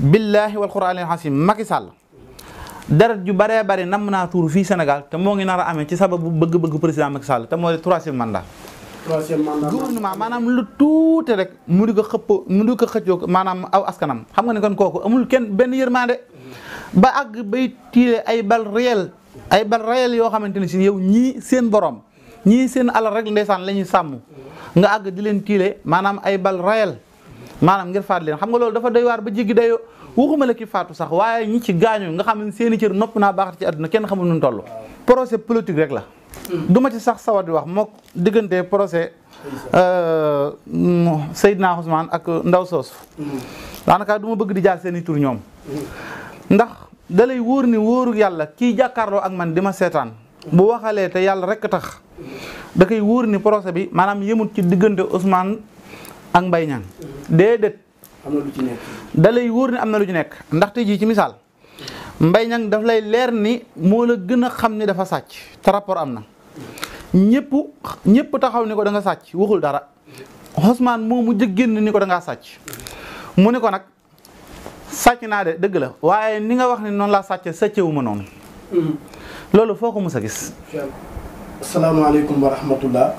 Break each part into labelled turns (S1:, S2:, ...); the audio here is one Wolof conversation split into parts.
S1: billaahi wal quraanil xasim Macky Sall deret ju baree bare nam naa tuur fii Sénégal te moo ngi nar a amee ci sababu bëgg-bëgg président Macky Sall te moo di troisième mandat. troisième maanaam lu tuuti rek mu di ko xëppoo mu di ko xëccoo maanaam aw askanam xam nga ne kon kooku amul kenn benn yërmande ba àgg bay tiile ay bal réel ay bal réel yoo xamante ne si yow ñii seen borom ñii seen alal rek saan la ñuy sàmm nga àgg di leen tiile maanaam ay bal réel. maanaam ngir faat leen xam nga loolu dafa doy waar ba jéggi dayoo waxuma la ki faatu sax waaye ñi ci gaañu nga xam ne seen i cër nopp naa baaxat ci àdduna kenn xamul nu toll procès politique rek la hmm. duma ci sax sawar di wax mook diggante procès euh, Seydina Ousmane ak ndaw soosu hmm. daanaka du bëgg di jaar seen i tur ñoom
S2: hmm.
S1: ndax da lay wóor ni wóoru yàlla kii jàkkaarloo ak man di ma seetaan bu waxalee te yàlla rek tax da koy wóor ni procès bi maanaam yemut ci diggante Ousmane ak mbay ñaan déedéet. am na da lay wóor ne am na lu ci nekk ndaxte jii ci misaal mbay ñaan daf lay leer ni moo la gën a xam ni dafa sàcc te rapport am na ñëpp ñëpp taxaw ni ko da nga sàcc waxul dara Ousmane moo mu jëggéen ni ko da sàcc mu ne ko nag sàcc naa de dëgg la waaye ni nga wax ni noon laa sàcce sàccewu ma noonu. Mm-hmm. loolu foo ko mës a gis.
S2: asalaamaaleykum wa rahmatullah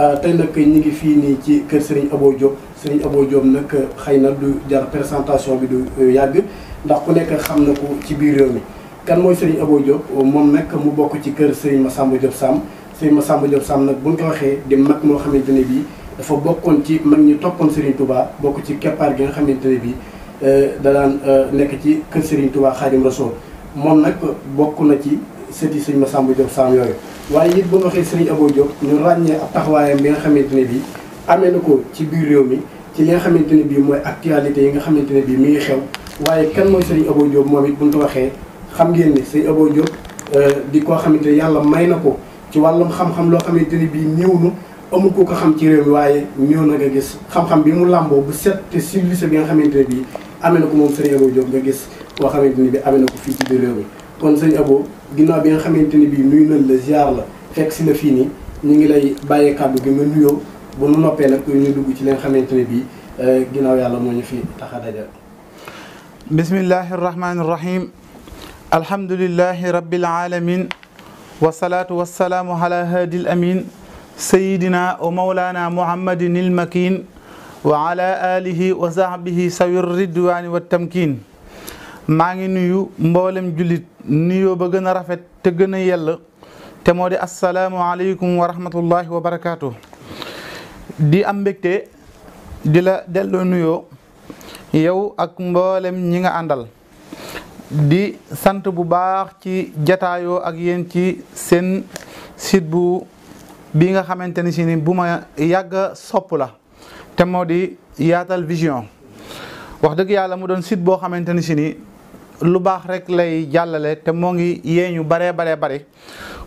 S2: Euh, tey nag ñu ngi fii nii ci kër Serigne Abo Diop Serigne Abo Diop nag euh, xëy na du jar présentation bi du euh, yàgg ndax ku nekk xam na ko ci biir réew mi kan mooy Serigne Abo Diop moom nag mu bokk ci kër Serigne Massamba Diop Sam Serigne Massamba Diop Sam nag bu ñu waxee di mag moo xamante ne bii dafa bokkoon ci mag ñi toppoon Serigne Touba bokk ci keppaar gi nga xamante ne bii da daan nekk ci kër Serigne tubaa xaarim Rasool moom nag bokk na ci sëti Serigne Massamba Diop Sam yooyu. waaye it bu ñu waxee Serigne Abo Diop ñu ràññee ab waaye bi nga xamante ne bii amee na ko ci biir réew mi ci yi nga xamante ne bii mooy actualité yi nga xamante ne bii mi xew waaye kan mooy Serigne Abo Diop moom it bu ñu ko waxee xam ngeen ne Serigne Abo Diop euh, di koo xamante ne yàlla may na ko ci wàllum xam loo xamante ne bii néew na amul ko ko xam ci réew mi waaye néew na nga gis xam-xam bi mu làmboo bu set te civilisé bi nga xamante ne bii amee na ko moom Serigne Abo Diop nga gis koo xamante ne bii amee na ko fii ci biir réew mi kon sëñ Abo ginnaaw bi nga xamante ni bii nuyu nañ la ziar la fekk si la fii nii ñu ngi lay bàyyi kàddu gi nga nuyoo ba nu noppee nag ñu dugg ci li nga xamante ne
S1: bii eh, ginnaaw yàlla moo ñu fi tax a daje. bismillahi rahmaani rahim alhamdulilahi rabbil alamin wasalaatu wasalaamu ala haadi al amin sayidina wa mawlana muhammadin il makin wa ala alihi wa sahbihi sawir ridwani wa tamkin maa ngi nuyu mboolem jullit nuyoo ba gën a rafet te gën a yell te moo di asalaamualeykum wa rahmatullahi wa barakaatu. di am mbégte di la delloo nuyoo yow ak mboolem ñi nga àndal di sant bu baax ci jataayoo ak yéen ci seen site bu bi nga xamante ni si ni bu ma yàgg sopp la te moo di Yaatal Vision wax dëgg yàlla mu doon site boo xamante ni si ni lu baax rek lay jàllale te moo ngi yee ñu baree baree bari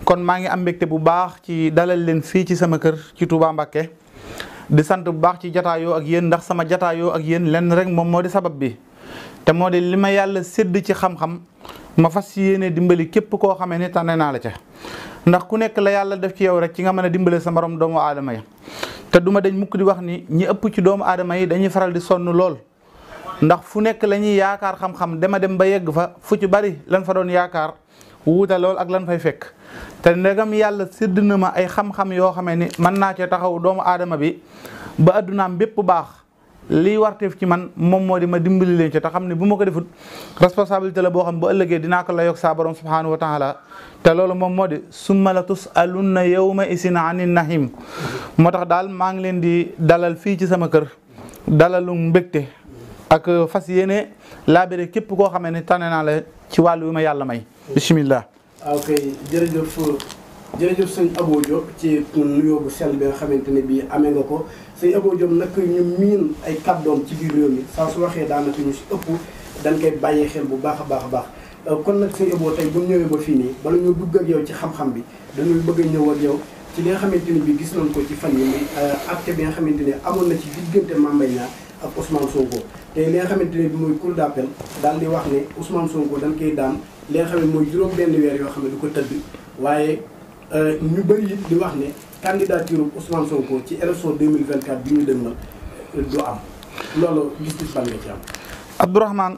S1: kon maa ngi am mbekk bu baax ci dalal leen fii ci sama kër ci Touba Mbacké di sant bu baax ci jataayoo ak yéen ndax sama jataayoo ak lenn rek moom moo di sabab bi te moo di li ma yàlla sédd ci xam-xam ma fas yéene dimbali képp koo xamee ni tànne naa la ca ndax ku nekk la yàlla def ci yow rek ci nga mën ne dimbale sa morom doomu aadama yi te duma dañ mukk di wax ni ñi ëpp ci doomu aadama yi dañuy faral di sonn lool. ndax fu nekk lañuy yaakaar xam-xam dema dem ba yegg fa fu ci bari lan fa doon yaakaar wuute lool ak lan fay fekk te ndegam yàlla sedd na ma ay xam-xam yoo xamee ni mën naa cee taxaw doomu aadama bi ba addunaam bépp baax lii warteef ci man moom moo di ma dimbali leen ci te xam ne bu ma ko defut responsabilité la boo xam bu ëllëgee dinaa ko la yokk saa borom subhaanahu te loolu moom moo di summa la tusalunna yawma isin ani nahim moo tax daal maa ngi leen di dalal fii ci sama kër dalalu mbégte ak fas yéene laabéré képp koo xamee ne tane naa la ci wàllu wi ma yàlla may bismillah
S2: ah, ok jërëjëf jërëjëf sëñ aboo Diop ci nuyoo bu sell bi nga xamante ne bii amee nga ko sëñ Abo Diop nag ñu miin ay kàddoom ci biir réew mi saa su waxee daanaka ñu si ëpp dañ koy bàyyee xel bu baax a baax a baax euh, kon nag sëñ Abo tey bu ñu ñëwee ba fii nii bala ñu dugg ak yow ci xam-xam bi dañuy bëgg a ñëw ak yow ci li nga xamante ne bii gis nañ ko ci fan yi muy euh, acte bi nga xamante ne amoon na ci diggante Mame Mbaye Niang ak Ousmane te li nga xamante ne bi mooy cour d'appel daal di wax ne Ousmane Sonko dañ koy daan li nga mooy juróom benn weer yoo xam ne du ko tëdd waaye euh, ñu bëri it di wax ne candidature Ousmane Sonko ci élection 2024 bi ñu dëgmal euh, du
S1: am loolu gis-gis ban ci am. Abdourahmane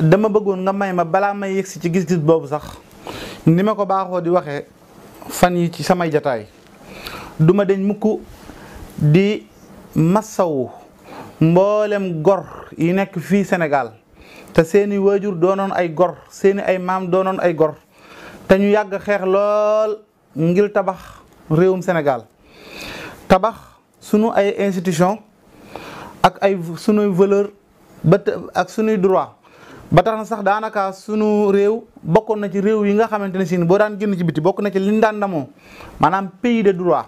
S1: dama bëggoon nga may ma balaa may yegsi ci gis-gis boobu sax ni ma ko baaxoo di waxee fan yi ci samay jataay duma deñ mukk di massawu. mboolem gor yi nekk fii Sénégal te seeni wajur doonoon ay gor seeni ay maam doonoon ay gor te ñu yàgg xeex lool ngir tabax réewum Sénégal tabax sunu ay institution ak ay sunuy valeur ba ak sunuy droit ba tax na sax daanaka sunu réew bokkoon na ci réew yi nga xamante ne si boo daan génn ci biti bokk na ci liñ daan damoo maanaam pays de droit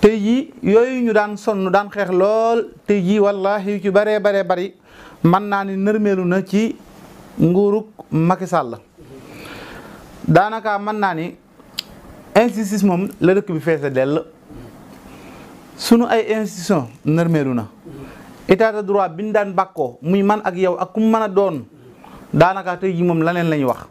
S1: tey jii yooyu ñu daan sonn daan xeex lool tey jii wallahi yu ci baree baree bari mën naa ni nërmeelu na ci nguurug Macky Sall daanaka mën naa ni institution moom la dëkk bi feese dell sunu ay institution nërmeelu na état de droit bi ñu daan bàkkoo muy man ak yow ak ku mën a doon daanaka tey moom laneen la ñuy wax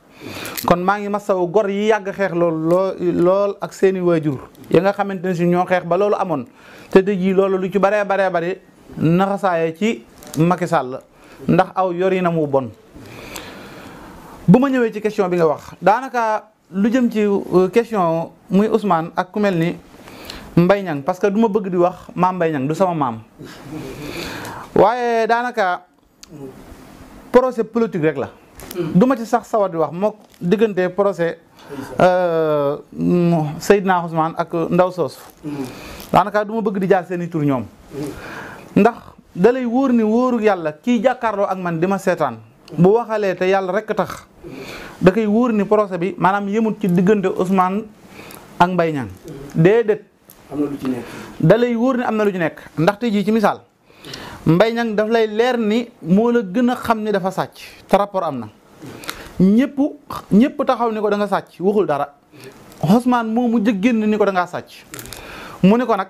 S1: kon maa ngi masaw gor yi yàgg xeex lool loo lool ak seeni waajur ya nga xamante ne si ñoo xeex ba loolu amoon te tëj yi loolu lu ci baree baree bari naxasaaye ci Macky Sall ndax aw yorinam wu bon bu ma ñëwee ci question bi nga wax daanaka lu jëm ci euh, question muy Ousmane ak ku mel ni Mbaye Niang parce que du bëgg di wax maam Mbaye Niang du sama maam waaye daanaka procès politique rek la du ma ci sax sawar di wax mook diggante procès euh, Seydina Ousmane ak ndaw soosu daanaka duma bëgg di jaar seen i tur ñoom ndax da lay wóor ni wóoru yàlla kii jàkkaarloo ak man di ma seetaan bu waxalee te yàlla rek tax da koy wóor ni procès bi maanaam yëmut ci diggante Ousmane ak Mbaye Niang déedéet
S2: am na
S1: wóor ni am na lu ci nekk ndax tey jii ci misaal mbay nag daf lay leer ni moo la gën a xam ni dafa sàcc te rapport am na ñëpp ñëpp taxaw ni ko da nga sàcc waxul dara Ousmane moo mujj génn ni ko da sàcc mu ni ko nag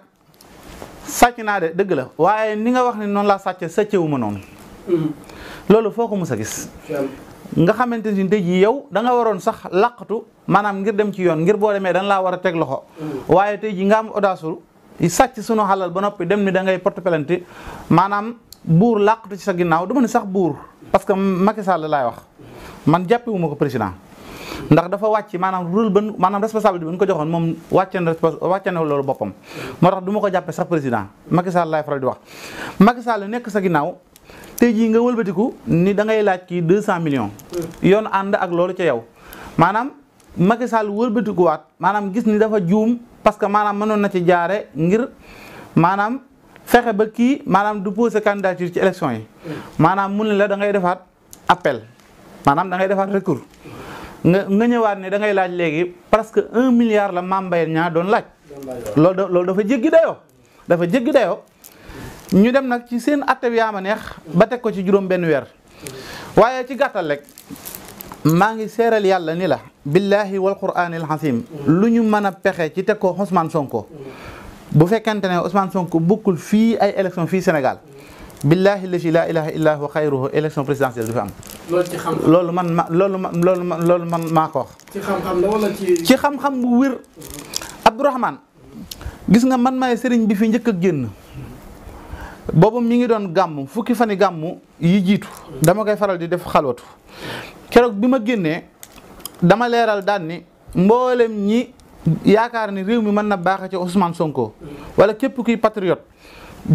S1: sàcc naa de dëgg la waaye ni nga wax ni noonu laa sàcce sàccewu ma noonu mm-hmm. loolu foo ko mës a gis nga xamante ni tey jii yow danga waroon sax laqatu maanaam ngir dem ci yoon ngir boo demee dañ laa war a teg loxo mm. waaye tey jii nga am audace sàcc sunu xalal ba noppi dem ni da ngay porte plainte maanaam buur làqatu ci sa ginnaaw du ma ni sax buur parce que Macky Sall laay wax man jàppewu ma ko président ndax dafa wàcc maanaam rôle ban maanaam responsable bi ñu ko joxoon moom wàccee na wàccee na loolu boppam moo tax du ma ko jàppee sax président Macky Sall laay faral di wax Macky Sall nekk sa ginnaaw tey jii nga wëlbatiku ni dangay ngay laaj kii cent million yoon ànd ak loolu ca yow maanaam Macky Sall wëlbatikuwaat maanaam gis ni dafa parce que maanaam mënoon na ci jaare ngir maanaam fexe ba kii maanaam du poser candidature ci élection yi maanaam mun ne la da ngay defaat appel maanaam dangay ngay defaat recours nga nga ñëwaat ne da ngay laaj léegi presque un milliard la Mame Mbaye Niang doon laaj loolu loolu dafa jéggi dayo dafa jéggi dayoo ñu dem nag ci seen atte bi yaa ma neex ba teg ko ci juróom benn weer waaye ci gàttal rek maa ngi seeral yàlla ni la billahi wal quraanil xasim lu ñu mën a pexe ci teg ko Ousmane Sonko bu fekkente ne Ousmane Sonko bukkul fii ay élection fii Sénégal billahi lazi laa ilaha illa huwa élection présidentielle du fi am loolu man ma ma loolu ma ci xam-xam bu wér Abdourahmane gis nga man maay sëriñ bi fi njëkk a génn boobu mi ngi doon gàmm fukki fani gàmmu yi jiitu dama koy faral di def xalwatu keroog bi ma génnee dama leeral daan ni mboolem ñi yaakaar ni réew mi mën na baax ci Ousmane Sonko wala képp kuy patriote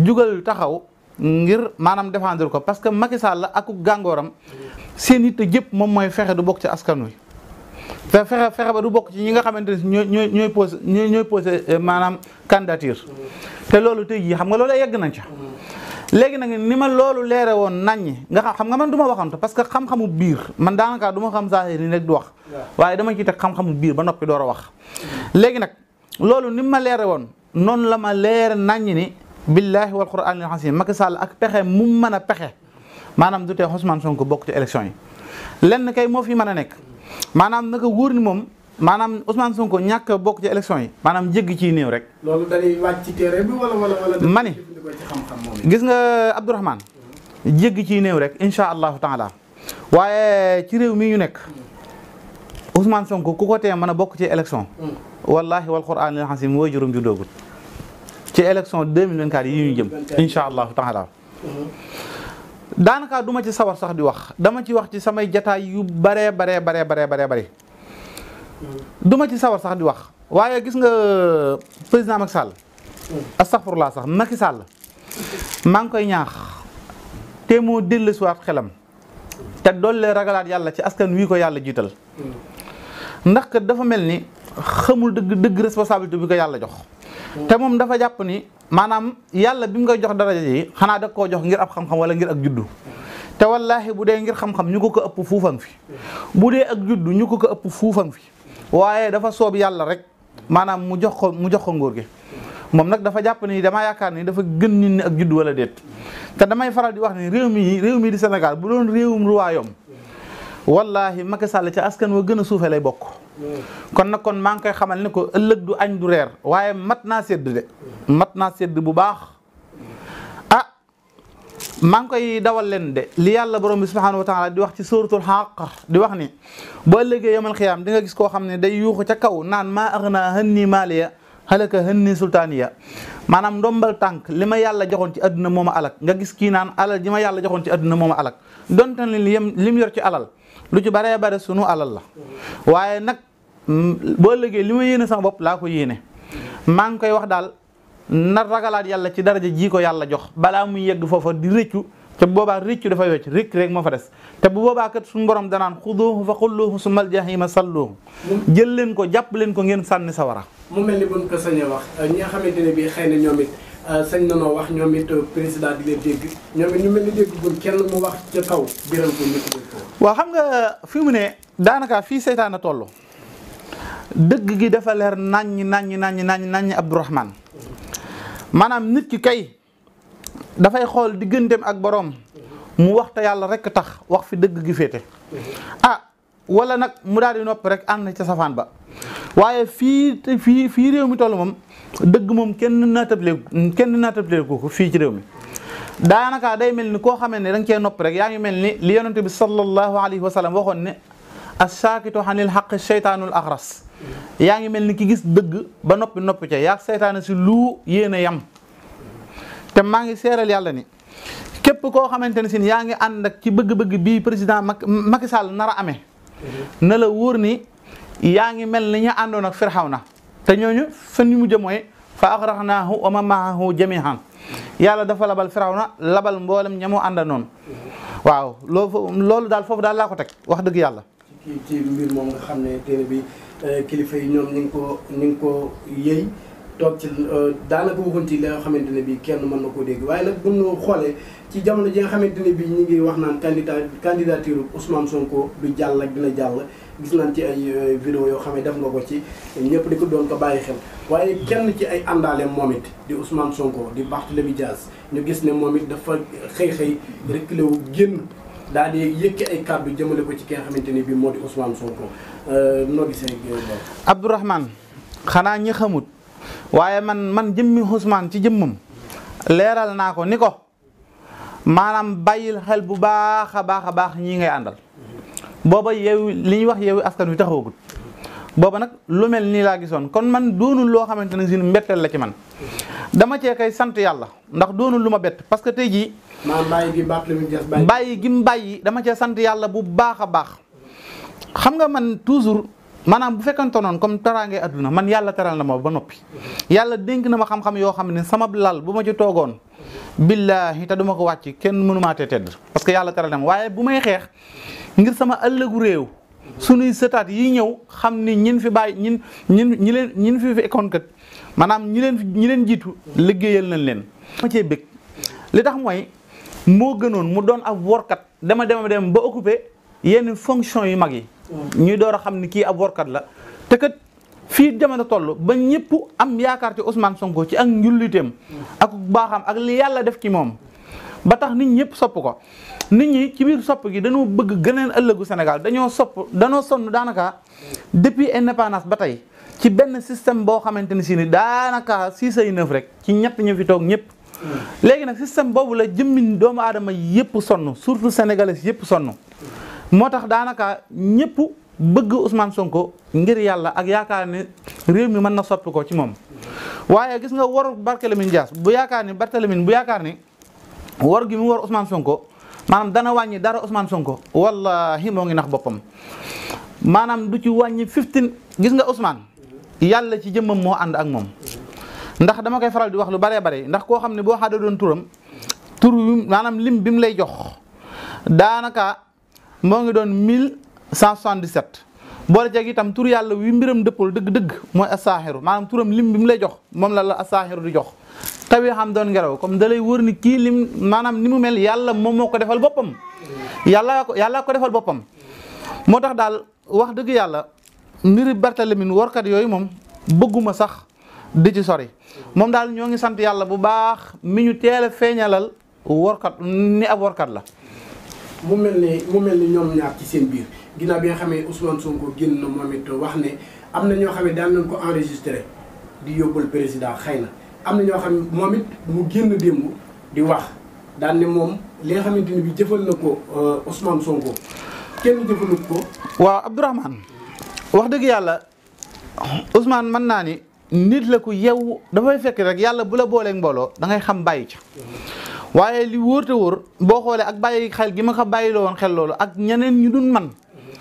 S1: jugal taxaw ngir maanaam défendre ko parce que Macky la ak gàngooram seen yitte jëpp moom mooy fexe du bokk ci askan wi. fexe fexe ba du bokk ci ñi nga xamante ne ñooy ñooy ñooy posé ñooy posé eh, maanaam candidature te loolu tey jii xam nga loolu yegg nañ ca. léegi nag ni ma loolu leere woon naññi nga xam nga man du ma waxantu parce que xam-xamu biir man daanaka du ma xam saa ni rek du wax waaye dama ciy teg xam-xamu biir ba noppi door a wax léegi nag loolu ni ma leere woon noonu la ma leere naññi ni billaahi wal quraanil xasim Macky Sall ak pexe mu mën a pexe maanaam du tee Ousmane Sonko bokk ci élection yi lenn kay moo fi mën a nekk maanaam naka wóor ni moom maanaam Ousmane Sonko ñàkk a bokk ci élection yi maanaam jégg ciy néew rek. loolu dañuy gis nga Abdourahmane jégg ci néew rek incha allahu taala waaye ci réew mi yu nekk Ousmane Sonko ku ko tee mën a bokk ci élection. Mm. wallahi wal quraan al xasim mooy juróom ju doogul ci élection 2024 yi ñu jëm incha allahu taala mm-hmm. daanaka du ma ci sawar sax di wax dama ci wax ci samay jataay yu baree baree baree baree baree. du ma ci sawar sax di wax waaye gis nga euh, président Macky Sall astaghfirullah sax Macky Sall maa ngi koy ñaax te moo dellu si waat xelam te doole ragalaat yàlla ci askan wi ko yàlla jiital ndax dafa mel ni xamul dëgg dëgg responsabilité bi ko yàlla jox te moom dafa jàpp ni maanaam yàlla bi mu koy jox daraja yi xanaa da koo jox ngir ab xam-xam wala ngir ak juddu te wallaahi bu dee ngir xam-xam ñu ko ko ëpp fuufang fi bu dee ak juddu ñu ko ko ëpp fuufang fi waaye dafa soob yàlla rek maanaam mu jox ko mu jox ko nguur gi moom nag dafa jàpp nii dama yaakaar ni dafa gën nit ñi ak judd wala déet te damay faral di wax ni réew mi réew mi di Sénégal bu doon réewum royaume wallaahi Macky Sall ci askan wa gën a suufee lay bokk. kon nag kon maa ngi koy xamal ni ko ëllëg du añ du reer waaye mat naa sedd de mat naa sedd bu baax. maa ngi koy dawal leen de li yàlla borom bi subhaanahu wa taala di wax ci suratul xaq di wax ni boo ëllëgee yomal xiyaam di nga gis koo xam ne day yuuxu ca kaw naan maa aghnaa anni maaliya halaka anni sultaaniya maanaam ndombal tànk li ma yàlla joxoon ci àdduna moom a alak nga gis kii naan alal ji ma yàlla joxoon ci àdduna moom a alak donte ne lim yor ci alal lu ci baree bare sunu alal la waaye nag boo ëllëgee li ma yéene sama bopp laa ko yéene maa koy wax na ragalaat yàlla ci daraja ji ko yàlla jox balaa muy yegg foofa di rëccu te boobaa rëccu dafa wecc rëcc rek moo fa des te bu boobaa kat suñu borom danaan xuduuhu fa xulluuhu sumal jahima salluuhu jël leen ko jàpp leen ko ngeen sànni sawara mu mel
S2: ni buñ ko sañee
S1: wax ñi xëy na ñoom it euh, sañ nanoo wax ñoom it euh, président di
S2: dégg ñoom ñu mel ni dégg buñ kenn mu wax ca kaw biral ko ñu ko
S1: waaw xam nga fi mu ne daanaka fii seytaane toll dëgg gi dafa leer naññ naññ naññ naññ naññ Abdourahman maanaam nit ki kay dafay xool digganteem ak boroom mu wax te yàlla rek tax wax fi dëgg gi féete ah wala nag mu daal di noppi rek ànd ca safaan ba waaye fii fii fii réew mi toll moom dëgg moom kenn naatable kenn naatable ko fii ci réew mi daanaka day mel ni koo xamee ne da nga cee noppi rek yaa ngi mel ni li yonente bi sallallahu alayhi wa sallam waxoon ne assaakitu xanil xaq seytaanul axras yaa ngi mel ni ki gis dëgg ba noppi noppi ca yaa seytaane si lu yéen a yam te maa ngi seeral yàlla ni képp koo xamante ne sin yaa ngi ànd ak ci bëgg-bëgg bii président Macky Sall nar a amee na la wóor ni yaa ngi mel ni ñu àndoon ak na te ñooñu fan yu mujj mooy fa axraxnaahu wa man maahu jamihan yàlla dafa labal na labal mboolem ñamu àndanoon waaw loolu daal foofu daal laa ko teg wax dëgg yàlla
S2: ci ci mbir moom nga xam ne téere bi euh, kilifa yi ñoom ñu ngi ko ñu ngi ko yëy toog ci euh, daanaka waxoon ci li nga xamante ne bii kenn mën na koo dégg waaye nag bu ñu xoolee ci jamono ji nga xamante ne bii ñu ngi wax naan candidat candidature Ousmane Sonko du jàll ak dina jàll gis nañ ci ay euh, vidéo yoo xam ne def nga ko ci ñëpp di ko doon ko bàyyi xel waaye kenn ci ay àndaale moom it di Ousmane Sonko di Barthélémy Dias ñu gis ne moom it dafa xëy xëy reculé wu génn. daal di yëkki ay kàddu jëmale ci ki xamante ni bii moo di Ousmane Sonko euh, noo gisee
S1: Abdourahmane xanaa ñi xamut waaye man man jëmmi Ousmane ci jëmmam leeral naa ko ni ko maanaam bàyyil xel bu baax a baax a baax ñii ngay àndal booba yow li ñuy wax yow askan wi taxawagut booba nag lu mel nii laa gisoon kon man doonu loo xamante ne si mbetteel la ci man dama cee kay sant yàlla ndax doonu lu ma bett parce que tey jii. maam bàyyi gi bàyyi gi bàyyi dama cee sant yàlla bu baax a baax. xam nga man toujours maanaam bu fekkante noonu comme teraangee adduna man yàlla teral na ma ba noppi. yàlla dénk na ma xam-xam yoo xam ne sama lal bu ma ci toogoon. billaahi te duma ko wàcc kenn mënumaatee tedd parce que yàlla teral na ma waaye bu may xeex ngir sama ëllëgu réew. sunuy sëtaat yi ñëw xam ni ñin fi bàyyi ñin ñin ñi leen fi fekkoon kat maanaam ñi leen ñi leen jiitu liggéeyal nañ leen ma cee bëgg li tax mooy moo gënoon mu doon ab workat dama dema dem ba occupé yenn fonction yu mag yi ñuy door a xam ni kii ab workat la te kat fii jamono toll ba ñëpp am yaakaar ci Ousmane Sonko ci ak njulliteem ak baaxam ak li yàlla def ci moom ba tax nit ñëpp sopp ko nit ñi ci biir sopp gi dañoo bëgg gëneen ëllëgu Sénégal dañoo sopp dañoo sonn daanaka depuis indépendance ba tey ci benn système boo xamante ne si daanaka si ay neuf rek ci ñett ñu fi toog ñëpp. léegi nag système boobu la jëmmin doomu aadama yëpp sonn surtout sénégalais yëpp sonn moo tax daanaka ñëpp bëgg Ousmane Sonko ngir yàlla ak yaakaar ne réew mi mën na soppi ko ci moom. waaye gis nga waru Barthélémy Dias bu yaakaar ni Barthélémy bu yaakaar ni war gi mu war Ousmane Sonko maanaam dana wàññi dara Ousmane Sonko wallahi moo ngi nax boppam maanaam du ci wàññi 15 gis nga Ousmane yàlla ci jëmmam moo ànd ak moom ndax dama koy faral di wax lu baree bare ndax koo xam ne boo xaada doon turam tur maanaam lim bi mu lay jox daanaka moo ngi doon mille 1177 boole jeg itam tur yàlla wi mbiram dëppul dëgg-dëgg mooy asaaxiru maanaam turam lim bi mu lay jox moom la la asaaxiru di jox taw yoo xam doon ngelaw comme dalay lay wër ni kii lim maanaam ni mu mel yàlla moom moo ko defal boppam. yàlla ko yàlla ko defal boppam. moo tax daal wax dëgg yàlla mbiri Barthélemy warkat yooyu moom bëgguma sax di ci sori moom daal ñoo ngi sant yàlla bu baax mi ñu teel a feeñalal warkat ni ab warkat la. mu mel ne mu
S2: mel ni ñoom ñaar
S1: ci seen biir ginnaaw
S2: bi nga xamee Ousmane Sonko génn na moom it wax ne am na ñoo xam ne daan nañ ko enregistré di yóbbul président xëy na. am na ñoo xam moom it mu génn démb di wax
S1: daan ne moom li nga xamante ni bi jëfal na ko euh, Ousmane Sonko kenn jëfalut ko. waaw Abdourahmane wax dëgg yàlla Ousmane mën naa ni nit la ku yew dafay fekk rek yàlla bu la booleeg mbooloo da xam bàyyi ca waaye li wóor te wóor boo xoolee ak bàyyi xel gi ma ko bàyyiloo xel loolu ak ñeneen ñu dun man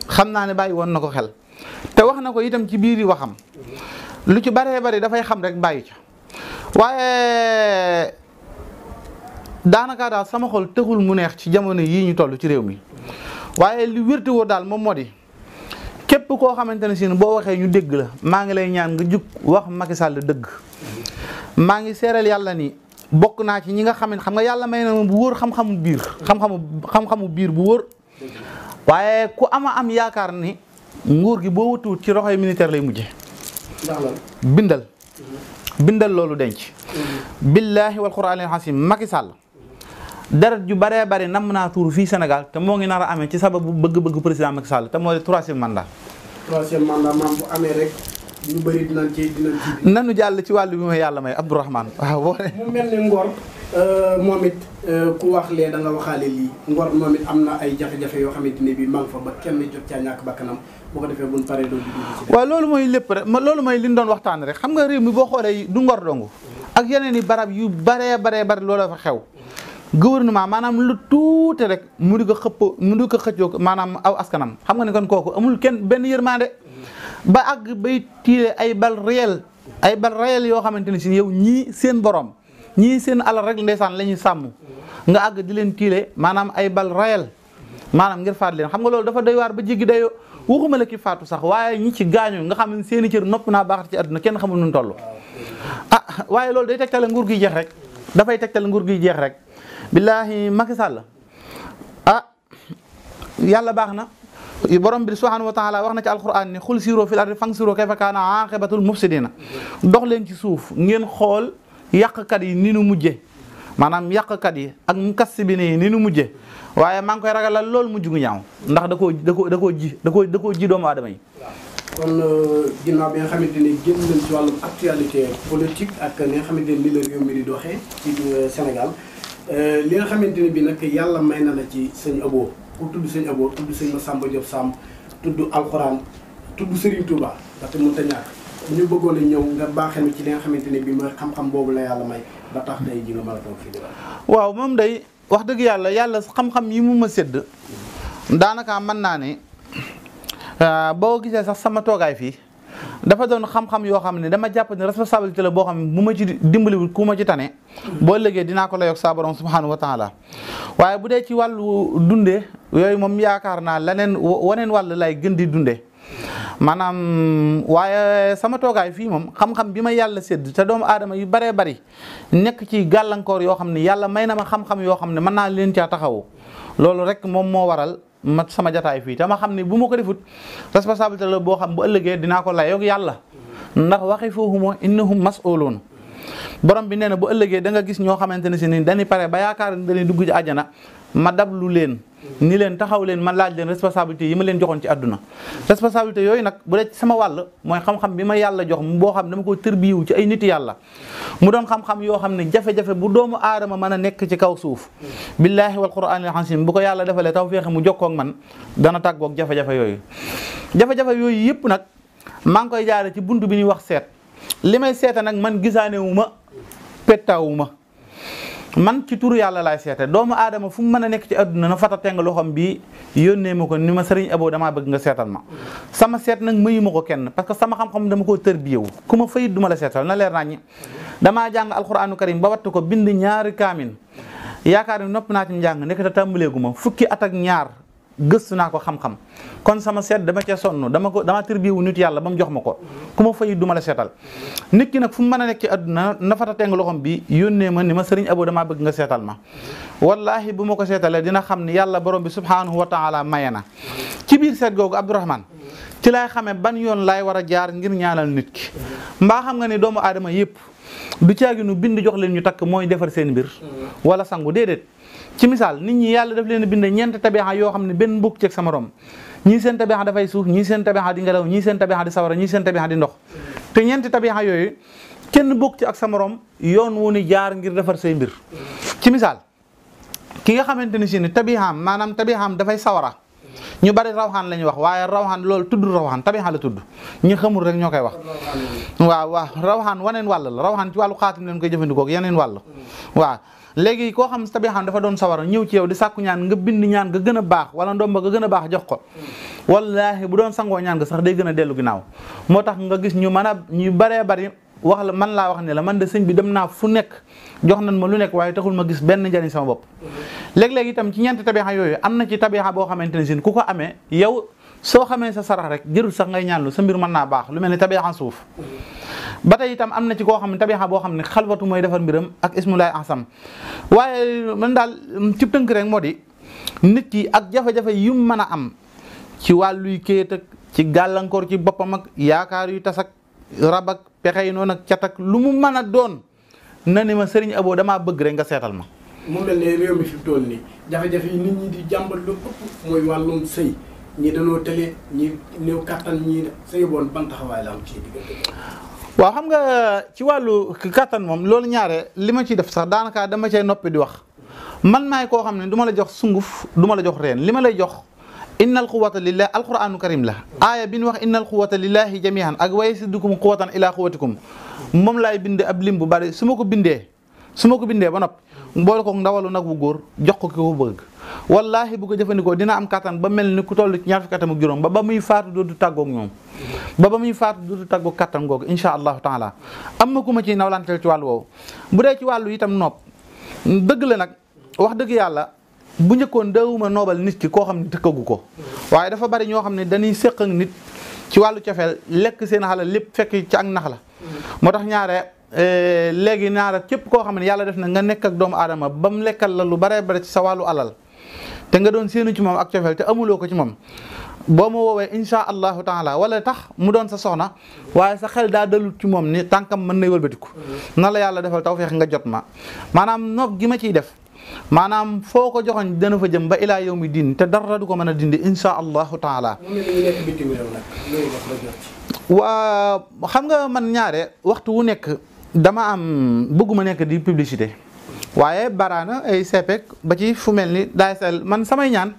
S1: xam naa ne bàyyi woon na ko xel te wax na ko itam ci biir yi waxam lu ci baree bari dafay xam rek bàyyi ca. waaye daanaka daal sama xol tëxul mu neex ci jamono yii ñu toll ci réew mi waaye li wérte woo daal moom moo di képp koo xamante ne si boo waxee ñu dégg la maa ngi lay ñaan nga jug wax Macky Sall dëgg maa ngi seeral yàlla nii bokk naa ci ñi nga xam xam nga yàlla may na bu wóor xam-xamu biir xam-xamu biir bu wër waaye ku ama am yaakaar ni nguur gi boo wëtuwut ci roxoy militaire lay mujje bindal mhm. bindal loolu denc. billaahi wal quraanil xasim Macky Sall deret ju baree bare nam naa tuur fii Sénégal te moo ngi nar a amee ci sabab bu bëgg-bëgg président Macky Sall te moo di troisième mandat.
S2: troisième mandat maam bu amee rek. ñu bëri dinañ ci dinañ
S1: ci. nanu jàll ci wàll bi ma yàlla may Abdourahmane waaw boo
S2: mu mel ni Ngor euh, moom it euh, ku wax lee da nga waxaale lii Ngor moom it am na ay jafe-jafe yoo xamante ne bii maa ngi fa ba kenn jot caa ñàkk
S1: bakkanam bu ko defee buñ paree doon ci waaw loolu mooy lépp rek loolu mooy li ñu doon waxtaan rek xam nga réew mi boo xoolee du ngor dong ak yeneen i barab yu baree baree bari loola fa xew gouvernement maanaam lu tuute rek mu di ko xëpp mu di ko xëccoo maanaam aw askanam xam nga ne kon kooku amul kenn benn yërmande ba àgg bay tiile ay bal réel ay bal réel yoo xamante ne si yow ñii seen borom ñii seen alal rek ndeysaan la ñuy sàmm nga àgg di leen tiile maanaam ay bal réel maanaam ngir waxuma la ki faatu sax waaye ñi ci gaañu nga xam ne seen i cër nopp naa baaxat ci àdduna kenn xamul nu toll ah waaye loolu day tegtale nguur gi jeex rek dafay tegtale nguur gi jeex rek billaahi makisal Sall ah yàlla baax na borom bi subhanahu wa taala wax na ci alquran ne xul siiroo fil ardi fansiroo kayfa kaana aqibatul mufsidina dox leen ci suuf ngeen xool yàqkat yi ni nu mujje maanaam yàqkat yi ak mukassibine yi ni nu mujje waaye maa ngi koy ragalal loolu mu jugu ñaaw ndax da koo da koo da koo ji da koo da ji doom aadama yi.
S2: kon euh, ginnaaw bi nga xamante ni génn nañ ci wàllum actualité politique ak li nga xamante ni la réew mi di doxee ci euh, Sénégal euh, li nga xamante ni bi nag yàlla may na la ci sëñ Abo ku tudd sëñ Abo tudd sëñ Massamba Diop Samb tudd alxuraan tudd Serigne Touba ndaxte mënut a ñàkk ñu bëggoon a ñëw nga baaxee ci
S1: li nga xamante ni bi ma xam-xam boobu la yàlla may ba tax tey ji nga mën fii wax dëgg yàlla yàlla xam-xam yi mu ma sédd daanaka mën naa ne euh, boo gisee sax sama toogaay fii dafa doon xam-xam yoo xam ne dama jàpp ne responsabilité la boo xam ne bu ma ci dimbaliwul ku ma ci tane boo léegi dinaa ko layoog saa borom subhaanahu wa taala waaye bu dee ci wàllu dundee yooyu moom yaakaar naa leneen waneen wàll lay gën di dundee maanaam waaye sama toogaay fii moom xam-xam bi ma yàlla sédd te doomu aadama yu baree bari nekk ci gàllankoor yoo xam ne yàlla may na ma xam-xam yoo xam ne mën naa leen caa taxawu loolu rek moom moo waral ma sama jataay fii te xam ne bu ma ko defut responsabilité la boo xam bu ëllëgee dina ko layoog yàlla ndax waxi foofu innahum mas'uluun borom bi nee na bu ëllëgee da nga gis ñoo xamante ne si ni dañuy pare ba yaakaar ne dañuy dugg ci àjjana ma dablu leen. ni leen taxaw leen ma laaj leen responsabilité yi ma leen joxoon ci àdduna responsabilité yooyu nag bu dee ci sama wàll mooy xam-xam bi ma yàlla jox boo xam mu doon xam ne jafe-jafe bu doomu aadama mën a nekk ci kaw suuf billaahi wal quraanil xasim bu ko yàlla defalee taw feexe mu jokkoog man dana tàggoog jafe-jafe yooyu jafe-jafe yooyu yëpp nag maa koy jaare ci bunt bi ñuy wax seet li may seeta nag man gisaanewuma pettaawuma man ci turu yàlla laay seete doomu aadama fu mu mën a nekk ci àdduna na fata teng loxoom bi yónnee ma ko ni ma sëriñ aboo damaa bëgg nga seetal ma sama seet nag mayu ma ko kenn parce que sama xam-xam dama koo tërbiyewu ku ma fayit duma la seetal na leer naa ñi damaa jàng alquranu karim ba wattu ko bind ñaari kaamin yaakaar ni nopp naa ci njàng nekk te tàmbaleegu ma fukki at ak ñaar gëstu naa ko xam-xam kon sama seet dama cee sonn dama ko dama tërbiwu nit yàlla ba mu jox ma ko ku ma fayu du ma la seetal nit ki nag fu mu mën a nekk ci àdduna na fa teg loxoom bi yónnee ma ni ma sëriñ Abo damaa bëgg nga seetal ma wallahi bu ma ko seetalee dina xam ni yàlla borom bi subhanahu wa taala maye na ci biir seet googu Abdourahman ci laay xamee ban yoon laay war a jaar ngir ñaanal nit ki mbaa xam nga ni doomu aadama yëpp du nu bind jox leen ñu takk mooy defar seen mbir ci misaal nit ñi yàlla daf leen a bind ñeent tabixa yoo xam ne benn bokk ceeg sa morom ñii seen tabixa dafay suuf ñii seen tabixa di ngelaw ñii seen tabixa di sawara ñii seen tabixa di ndox te ñeenti tabixa yooyu kenn bokk ci ak sa morom yoon wu ni jaar ngir defar say mbir ci misaal ki nga xamante ni si ne tabixaam maanaam tabixaam dafay sawara ñu bari rawxaan la ñuy wax waaye rawaan loolu tudd rawxaan tabixa la tudd ñi xamul rek ñoo koy wax waaw waa rawxaan waneen wàll la ci wàllu xaatim leen koy jëfandikoo ak yeneen wàll léegi koo xam tabixam dafa doon sawara ñëw ci yow di sàkku ñaan nga bind ñaan nga gën a baax wala ndomba nga gën a baax jox ko wallaahi bu doon sangoo ñaan nga sax day gën a dellu ginnaaw moo tax nga gis ñu mën a ñu baree bari wax la man laa wax ne la man de sëñ bi dem naa fu nekk jox nañ ma lu nekk waaye taxul ma gis benn njariñ sama bopp léeg-léeg itam ci ñeenti tabixa yooyu am na ci tabixa boo xamante ne sin ku ko amee yow soo xamee sa sarax rek jërul sax ngay ñaan lu sa mbir mën naa baax lu mel ni tabixa suuf ba tey itam am na ci koo xam ne tabixa boo xam ne xalwatu mooy defar mbiram ak ismulaay asam waaye man daal mm, ci tënk rek moo di nit ki ak jafe-jafe yu mën a am ci wàlluy kéet ci gàllankoor ci boppam ak yaakaar yu tas ak rab ak pexe noonu ak cat ak lu mu mën a doon na ne ma sëriñ aboo damaa bëgg rek nga seetal ma.
S2: mu mel ne réew mi fi mu toll nii jafe-jafe yi nit ñi di jàmbat lu ëpp mooy wàllum sëy ñi danoo tële ñi néew kàttan ñi sëy ci
S1: waaw xam nga ci wàllu kàttan moom loolu ñaare li ma ciy def sax daanaka dama cay noppi di wax man maay koo xam ne du la jox sunguf duma la jox reen li ma lay jox innal quwata lillahi alquranu karim la aaya bi ñu wax innal quwata lillahi jamihan ak waye siddukum quwatan ila quwatikum moom laay binde ab lim bu bari su ma ko bindee su ma ko bindee ba noppi mbool ko ndawalu nag bu góor jox ko ki ko bëgg wallaahi bu ko jëfandikoo dina am kattan ba mel ni ku toll ci ñaar fukki atam ak juróom ba ba muy faatu dootu tàggoog ñoom ba ba muy faatu dootu tàggoog kattan googu incha allahu taala am na ku ma ciy nawlanteel ci wàllu woowu bu dee ci wàllu itam nopp dëgg la nag wax dëgg yàlla bu njëkkoon daawuma noobal nit ki koo xam ne dëkkagu ko waaye dafa bari ñoo xam ne dañuy séq nit ci wàllu cofeel lekk seen xalal lépp fekk ci ak nax la moo tax ñaare eh, léegi ñaare képp koo xam ne yàlla def na nga nekk ak doomu aadama ba mu lekkal la lu baree bare ci sa wàllu alal te nga doon seenu ci moom ak cofeel te amuloo ko ci moom boo ma woowee insha allahu taala wala tax mu doon sa soxna waaye sa xel daa dalut ci moom ni tànkam mën nay wëlbatiku na la yàlla defal tawfeex nga jot ma maanaam nopp gi ma ciy def maanaam foo ko joxoñ dana fa jëm ba ilaa yawmi diin te dara du ko mën a dindi insha allahu taala waa xam nga man ñaare waxtu wu nekk dama am bëgguma nekk di publicité waaye baraana ay seepeek ba ci fu mel ni daay sel man samay ñaan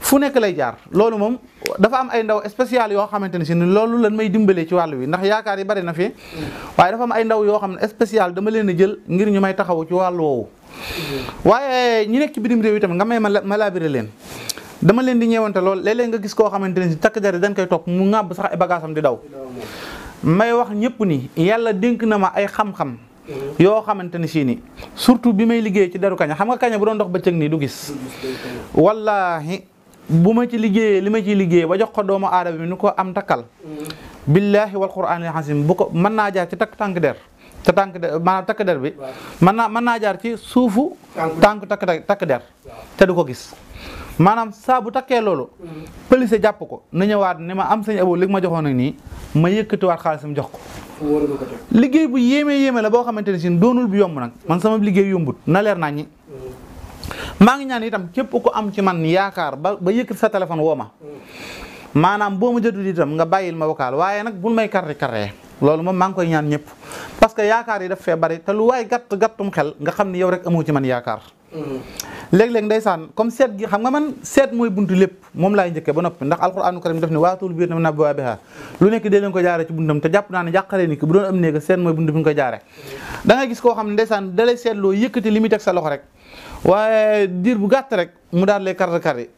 S1: fu nekk lay jaar loolu moom dafa am ay ndaw spécial yoo xamante ne si ni loolu lan may dimbalee ci wàll wi ndax yaakaar yi bari na fi waaye dafa am ay ndaw yoo xam ne spécial dama leen a jël ngir ñu may taxawu ci wàllu woowu waaye ñi nekk ci bitim réew itam nga may ma laabire leen dama leen di ñeewante lool léeg-léeg nga gis koo xamante ne si takk jari dañ koy toog mu nàbb sax ay bagaasam di daw may wax ñëpp ni yàlla dénk na ma ay xam-xam yoo xamante ne sii nii surtout bi may liggéey ci daru kaña xam nga kaña bu doon dox bëccëg nii du gis wallaahi bu ma ci liggéeyee li ma ciy liggéey ba jox ko doomu aadama bi ni ko am takkal billaahi wal quraanil aziim bu ko mën naa jaar ci takk tànk der te tànk der maanaam bi mën naa mën naa jaar ci suufu tànk takk takk der te du ko gis maanaam saa bu takkee loolu mm. pëlise jàpp ko na ñëwaat ne ma am sañ abo li ma joxoon ak nii ma yëkkatiwaat xaalisam jox ko wóor nga ko teg liggéey bu yéeme yéeme la boo xamante ne si doonul bu yomb nag man sama liggéey yombut na leer naa ñi
S2: mm.
S1: maa ngi ñaan itam képp ko am ci man yaakaar ba ba yëkkat sa téléphone woo ma
S2: mm.
S1: maanaam boo ma jotul itam nga bàyyil ma vocal waaye nag bul may karre karre loolu moom maa ngi koy ñaan ñëpp parce que yaakaar yi daf fee bari te lu waay gàtt gàttum xel nga xam ni yow rek amoo ci man yaakaar mm. léeg-léeg ndeysaan comme seet gi xam nga man seet mooy buntu lépp moom laay njëkkee ba noppi ndax alquranu karim def ne waatul biir na abwaabihaa lu nekk dee leen ko jaare ci buntam te jàpp naa ne yàqaree ni ki bu doon am néega seet mooy buntu bi ñu ko jaare da gis koo xam ne ndeysaan dalay seetloo yëkkati li muy teg sa loxo rek waaye diir bu gàtt rek mu daal lay kar kar yi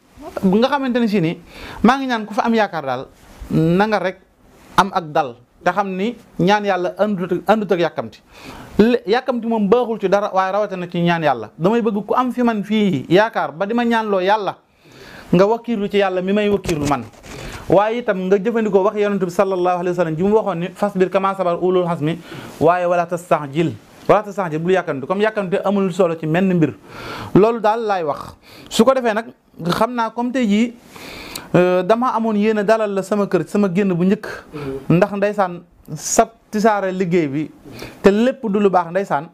S1: nga xamante ne si ni maa ngi ñaan ku fa am yaakaar daal na rek am ak dal te xam ni ñaan yàlla andut ak yàkkamti yàkkamti moom baaxul ci dara waaye rawatina ci ñaan yàlla damay bëgg ku am fi man fii yaakaar ba di ma ñaanloo yàlla nga wakkiirlu ci yàlla mi may wakkiirlu man waaye itam nga jëfandikoo wax yonent bi sallallahu alayhi wa sallam ji mu waxoon ni fasbir kama sabar ulul hasmi waaye wala tastaajil wala tastaajil bul yàkkamti comme yàkkamti amul solo ci menn mbir loolu daal laay wax su ko defee nag xam naa comme tey jii euh, dama amoon yéen a dalal la sama kër sama génn bu njëkk mm-hmm. ndax ndeysaan sab tisaare liggéey bi te lépp du lu baax saan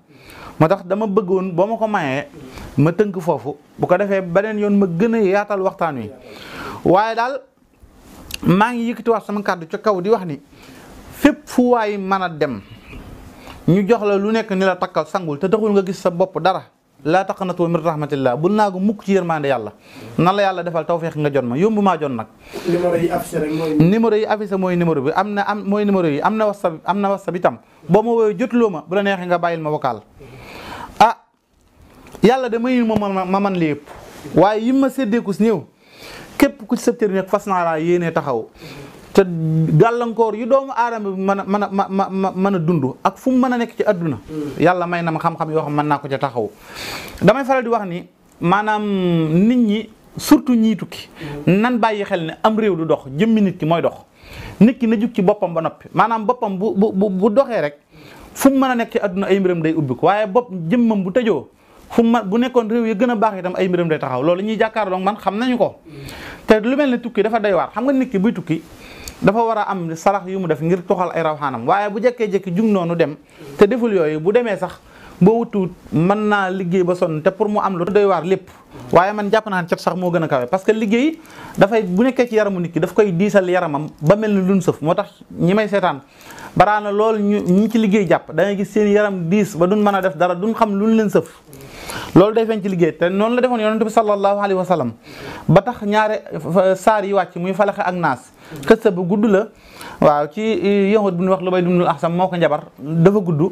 S1: ma tax dama bëggoon boo ma ko mayee ma tënk foofu bu ko defee ba beneen yoon ma gën a yaatal waxtaan wi waaye daal maa ngi wax sama kàddu ca kaw di wax ni fépp fu waay mën a dem ñu jox la lu nekk ni la takkal sangul te taxul nga gis sa bopp dara laa taqnatu min rahmatillah bul naagu mukk ci yërmande yàlla nan la yàlla defal tawfeex nga jot ma yombu ma jot nag
S2: numéro yi affiché rek
S1: mooy numéro bi am na am mooy numéro yi am na whatsapp am na whatsapp itam boo ma woowee jotuloo ma bu la neexee nga bàyyil ma vocal ah yàlla de mayul ma man ma man li yëpp waaye yim ma séddeeku si ñëw képp ku ci sa cër nekk fas naa laa yéenee taxaw te gàllankoor yu doomu aadama bi mën a mën a ma ma a dund ak fu mu mën a nekk ci àdduna mm. yàlla may na ma xam-xam yoo xam man naa ko ca taxaw damay faral di wax ni maanaam nit ñi surtout ñii tukki mm. nan bàyyi xel ne am réew du dox jëmmi nit ki mooy dox nit na jug ci boppam ba noppi maanaam boppam bu bu bu doxee rek fu mu mën a nekk ci àdduna ay mbiram day ubbi ko waaye bopp jëmmam bu tëjoo fu ma bu nekkoon réew yi gën a baax itam ay mbiram day taxaw loolu ñuy jàkkaarloo man xam nañu ko mm. te lu dafa war a am sarax yu mu def ngir toxal ay rawxaanam waaye bu jekkee jekki jug noonu dem te deful yooyu bu demee sax boo wutuwut mën naa liggéey ba sonn te pour mu am lu doy waar lépp waaye man jàpp naa cat sax moo gën a kawe parce que liggéey dafay bu nekkee ci yaramu nit ki daf koy diisal yaramam ba mel ni lun sëf moo tax ñi may seetaan baraana lool ñu ñu ci liggéey jàpp da gis seen yaram diis ba duñ mën a def dara duñ xam luñ leen sëf loolu de feeñ ci liggéey te noonu la defoon yonent bi sallallahu alayhi wa sallam ba tax ñaare saar yi wàcc muy falaxe ak naas xësta bu gudd la waaw ci yahud bu ñu wax lu bay dumnul axsam moo ko njabar dafa gudd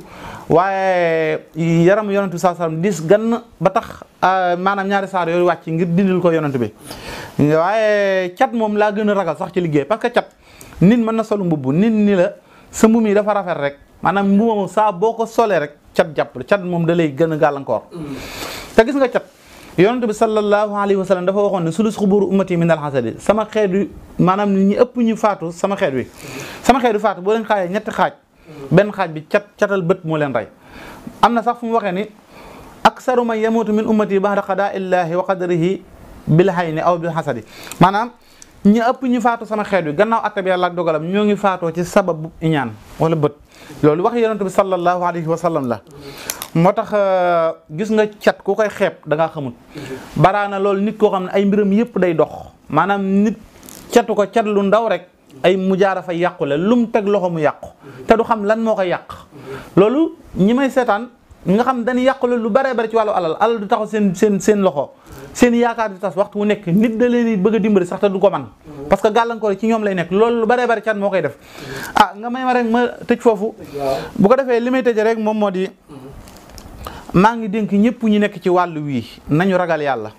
S1: waaye yaram yonent bi sallallahu alayhi wa diis gann ba tax maanaam ñaari saar yooyu wàcc ngir dindil ko yonent bi waaye cat moom laa gën a ragal sax ci liggéey parce que cat nit mën na solu mbubb nit ni la sa mbubb mi dafa rafet rek maanaam mbubb moom saa boo ko solee rek cat jàpp la cat moom da lay gën a gàllankoor mm. te gis nga cat yonent bi sallallahu alayhi wa sallam dafa waxoon ne sulus xuburu ummati min alxasadi sama xeet wi maanaam ñi ëpp ñu faatu sama xeet wi sama xeet wi faatu boo leen xaajee ñetti xaaj benn xaaj bi cat catal bët moo leen rey am na sax fu mu waxee ni aksaru man yamutu min ummati baxda qadaa illaahi wa qadarihi bil hayni aw bil xasadi maanaam ñu ëpp ñu faatu sama xeet wi gannaaw atte bi yàlla ak dogalam ñoo ngi faatoo ci sababu iñaan wala bët loolu wax yonent bi sallallahu alayhi wa sallam la moo tax euh, gis nga cat ku koy xeep da ngaa xamut baraana loolu nit koo xam ne ay mbiram yëpp day dox maanaam nit catu ko cat lu ndaw rek ay mujaara fa yàqu la lum teg loxo mu yàqu te du xam lan moo ko yàq loolu ñi may seetaan nga xam dañuy yàqule lu baree bari ci wàllu alal alal du taxaw seen seen seen loxo seen yaakaar di tas waxtu wu nekk nit da leen bëgg a dimbali sax du ko man parce que gàllankoor ci ñoom lay nekk loolu lu baree bari cat moo koy def ah nga may ma rek ma tëj foofu bu ko defee li may tëj rek moom moo di maa ngi dénk ñëpp ñu nekk ci wàllu wii nañu ragal yàlla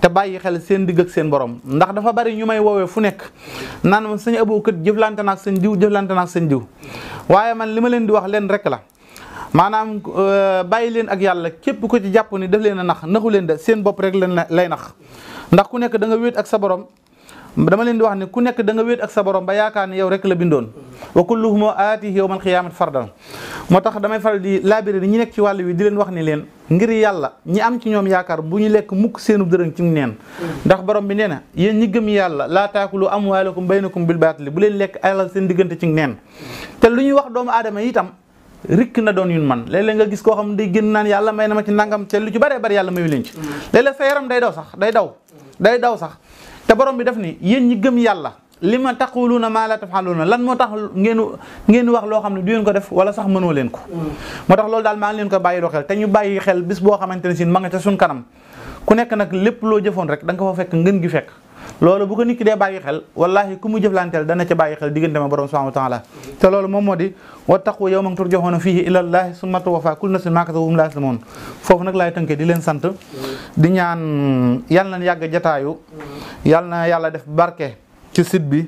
S1: te bàyyi xel seen digg ak seen borom ndax dafa bari ñu may woowee fu nekk naan ma sëñ kër kët jëflante naak seen diw jëflante naak seen diw waaye man li ma leen di wax leen rek la maanaam euh, bàyyi leen ak yàlla képp ko ci jàpp ni daf leen a nax naxu leen de seen bopp rek leen lay nax ndax ku nekk danga nga wéet ak sa borom dama leen di wax ne ku nekk da nga wéet ak sa borom ba yaakaar ne yow rek la bindoon wa kulluhum aatihi yawmal qiyaamati fardan moo tax damay faral di laabiré ni ñi nekk ci wàll wi di leen wax ni leen ngir yàlla ñi am ci ñoom yaakaar bu ñu lekk mukk seenu dërëng ci neen ndax borom bi nee na yéen ñi gëm yàlla laa taakulu amwaalakum baynakum bil li bu leen lekk alal seen diggante ci neen te lu ñuy wax doomu aadama itam rikk na doon yun man léeg-léeg nga gis koo xam day gën naan yàlla may na ma ci nangam ca lu ci bëree bëri yàlla mayu leen ci mm. léeg-léeg sa yaram day daw sax day daw day daw sax te borom bi def ni yéen ñi gëm yàlla li ma na maa la tafaluuna lan moo tax ngeen ngeen wax loo xam ne du ngeen ko def wala sax mënoo leen ko mm. moo tax loolu daal maa ngi leen ko bàyyi xel te ñu bàyyi xel bis boo xamante ne sin ma nga ca suñ kanam ku nekk nag lépp loo jëfoon rek da nga fa fekk ngeen gi fekk loolu bu ko nit ki dee bàyyi xel wallahi ku mu jëflanteel da ca bàyyi xel diggante ma borom subhanahu wa taala te loolu moom moo di wattaqu yawman turjaxoona fiihi ilallahi summa tuwafaa ak nafsin maa kasabahum laa yuzlamuun foofu nag laay tënkee di leen sant di ñaan yal na yàgg jataayu yal na yàlla def barke ci site bi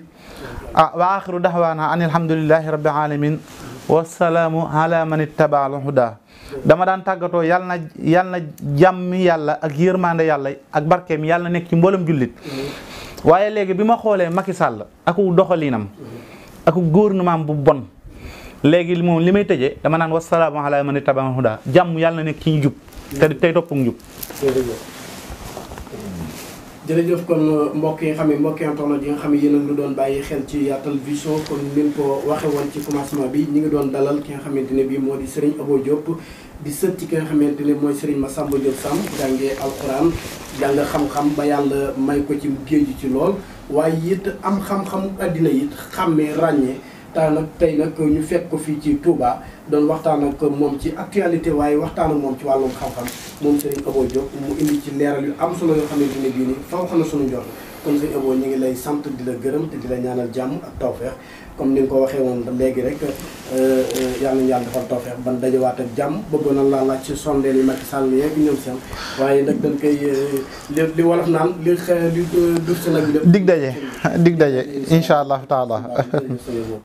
S1: ah wa axiru daxwaana an alhamdulillahi rabbil alamin wasalaamu ala man ittabaa al huda dama daan tàggatoo yàlla na yàlla na jàmm yàlla ak yërmande yàlla ak barkeem yàlla nekk ci mboolem jullit waaye léegi bi ma xoolee Macky Sall aku doxalinam aku góor nu gouvernement bu bon léegi li moom li may tëjee dama naan wasalaamu alaa man ittabaa hudaa jàmm yàlla na nekk ci ñu jub te tey njub
S2: jërëjëf kon mbokk yi nga xam ne mbokk yi nga xam ne lu doon bàyyi xel ci Yatal kon ni ko waxe woon ci commencement bi ñu ngi doon dalal ki nga xamante ne bii moo di sëriñ Abo Diop di sët ci ki nga xamante ne mooy ma Massamba Diop Samb jàngee alxuraan jàng xam-xam ba yàlla may ko ci géej ci lool waaye yit am xam-xamu àddina it xàmmee ràññee taa nag tey nag ñu fekk ko fii ci Touba doon waxtaan ak moom ci actualité waaye waxtaan ak moom ci wàllum xam-xam moom Serigne Abo Diop mu indi ci leeral yu am solo yoo xamante ne bii nii faw xam na sunu njort kon Serigne Abo ñu ngi lay sant di la gërëm te di la ñaanal jàmm ak tawfeex comme ni nga ko waxee woon léegi rek euh, yal nañu yàlla defal tawfeex ban dajawaat ak jàmm bëggoon na laa laaj ci sondeel yi Macky Sall yeeg ñoom seen waaye nag dañ koy li
S1: euh, li wolof naan li xa li euh, dur si nag. dig daje dig daje incha allahu taala.